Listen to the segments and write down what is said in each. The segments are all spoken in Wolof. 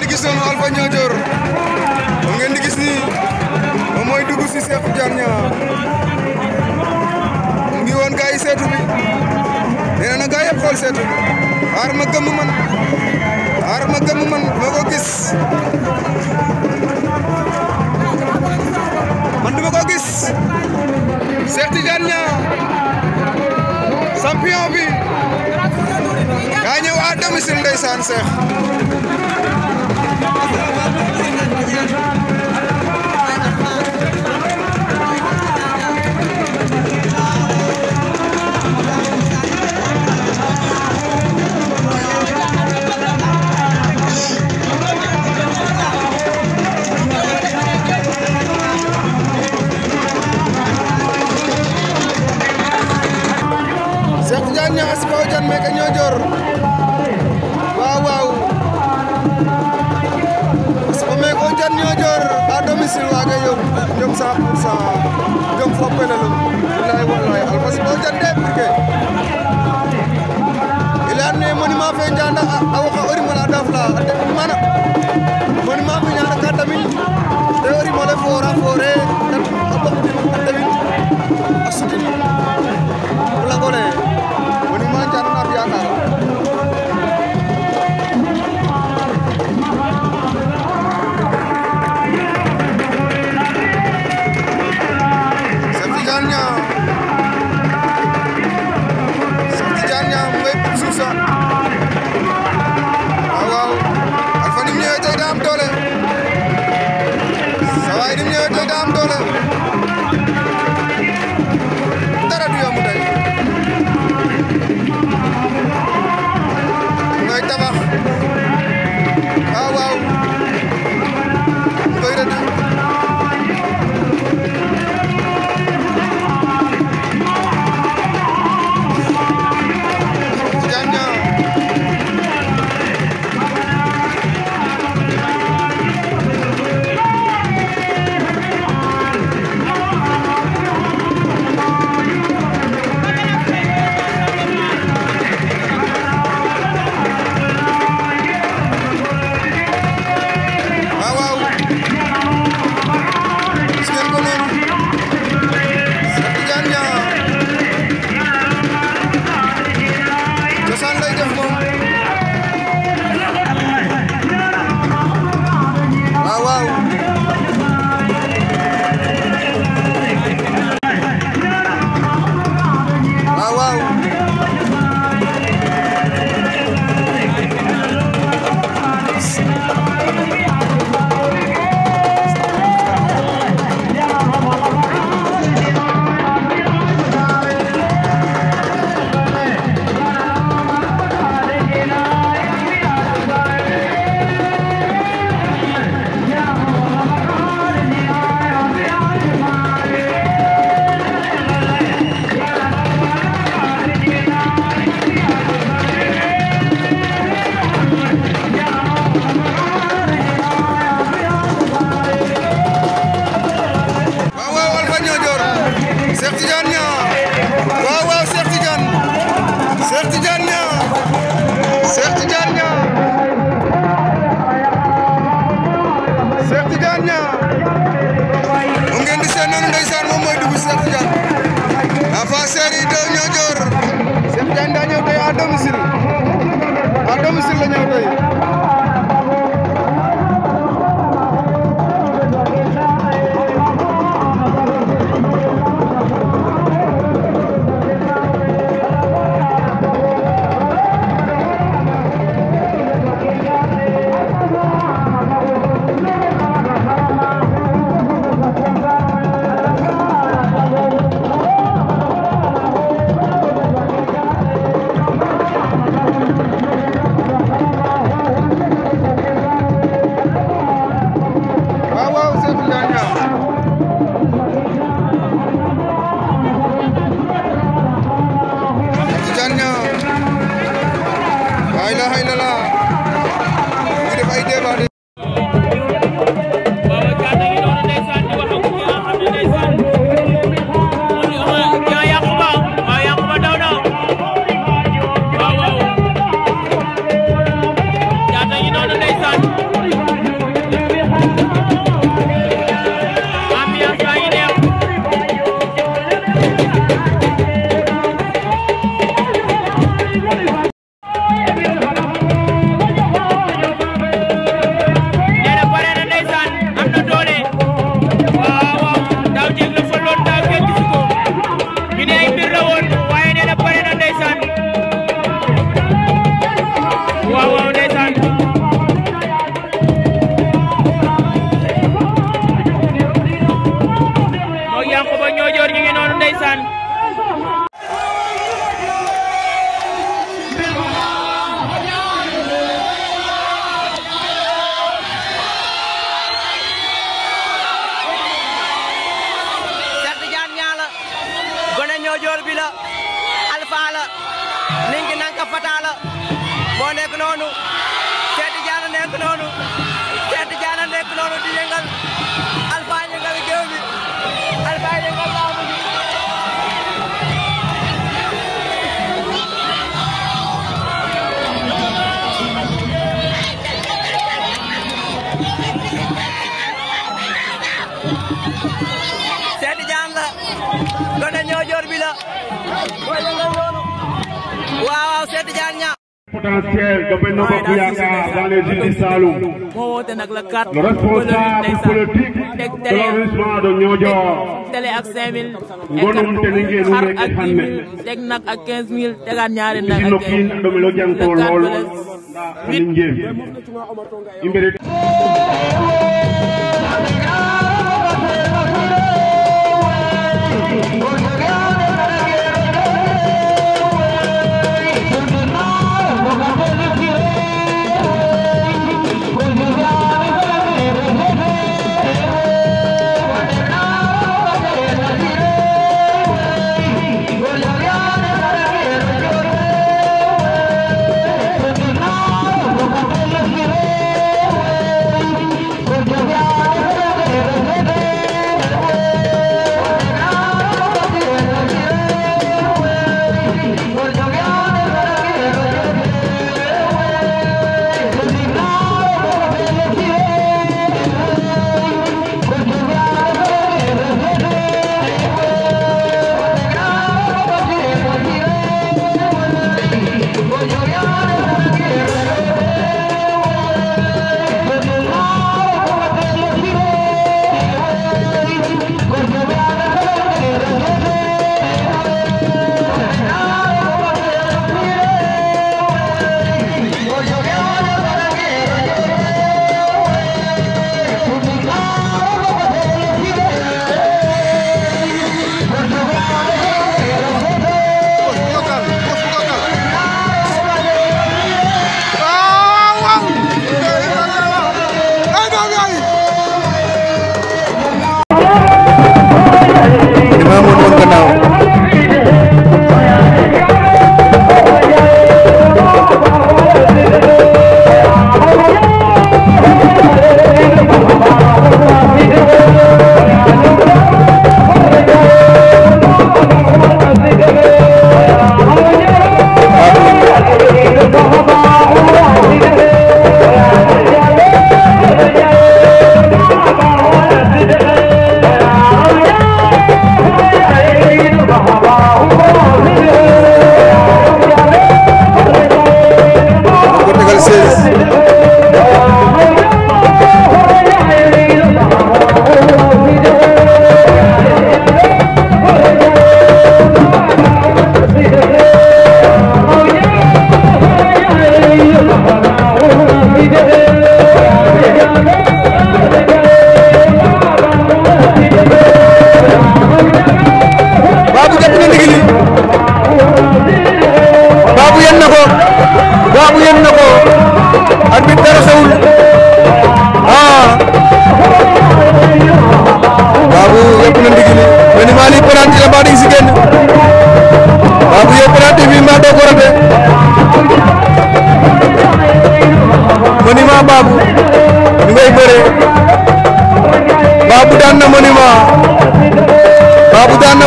ngeen di gis noonu Alpha Niodior moom ngeen di gis nii moom mooy dugg si Cheikhou Diagne mu ngi woon gars yi seetu bi nee na gars yëpp xool seetu bi aar ma gëmm man aar ma gëmm man duma ko gis man duma ko gis Cheikhou bi yaa ñëw à domicile ndeysaan 点个关注天天开心 Niodior à domicile waa ngay yóbbu jom 100 pour 100 jom foo penalum bilaay wallaay Alpha Sy ɓo jande ɓurke i leyan ne monument fe njana a woxa o rimole a ndafla a ndeɓin mana monument fe ñana ka damit te o rimole foora foore a ɓoxtin a ndewin a sutin o langole Cheikh Tidiane Niang mu ngeen di seen noonu ndeysaan moom mooy dugg Cheikh Tidiane Tapha Séri 2 ñoo joor Cheikh Tidiane daa ñëw tey la ñëw tey joor bi la alfa la ningi nanka fata la moo nekk noonu seeti jaana nekk noonu potentiel de Benno Bokk Yaakaar dans les îles du Saloum. Le responsable politique de l'arrondissement de Niodior. Ngonum Teningue nu nekk xam ne. Usine Nokin ɗomilo janko lool. Ndaa Teningue.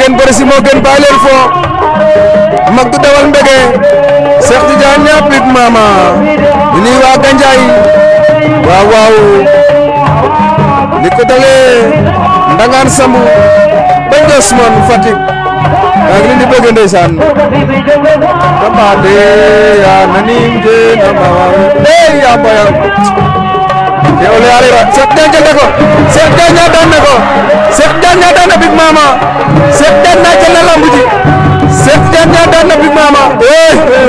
ngeen bëri si moo gën bàyyi leen foo mag du dawal mbege Cheikh Tidiane Niang Big Mama di nuyu waa Gandiaye waaw waaw li yaa nanim dee dama yaa boyam Kéwoulo Arewa Cheikh Ndiagne jël na ko Cheikh Ndiagne daan na ko Cheikh Ndiagne daan na Big Mama Cheikh Ndiagne na lamb ji Cheikh Ndiagne daan na Big Mama eh.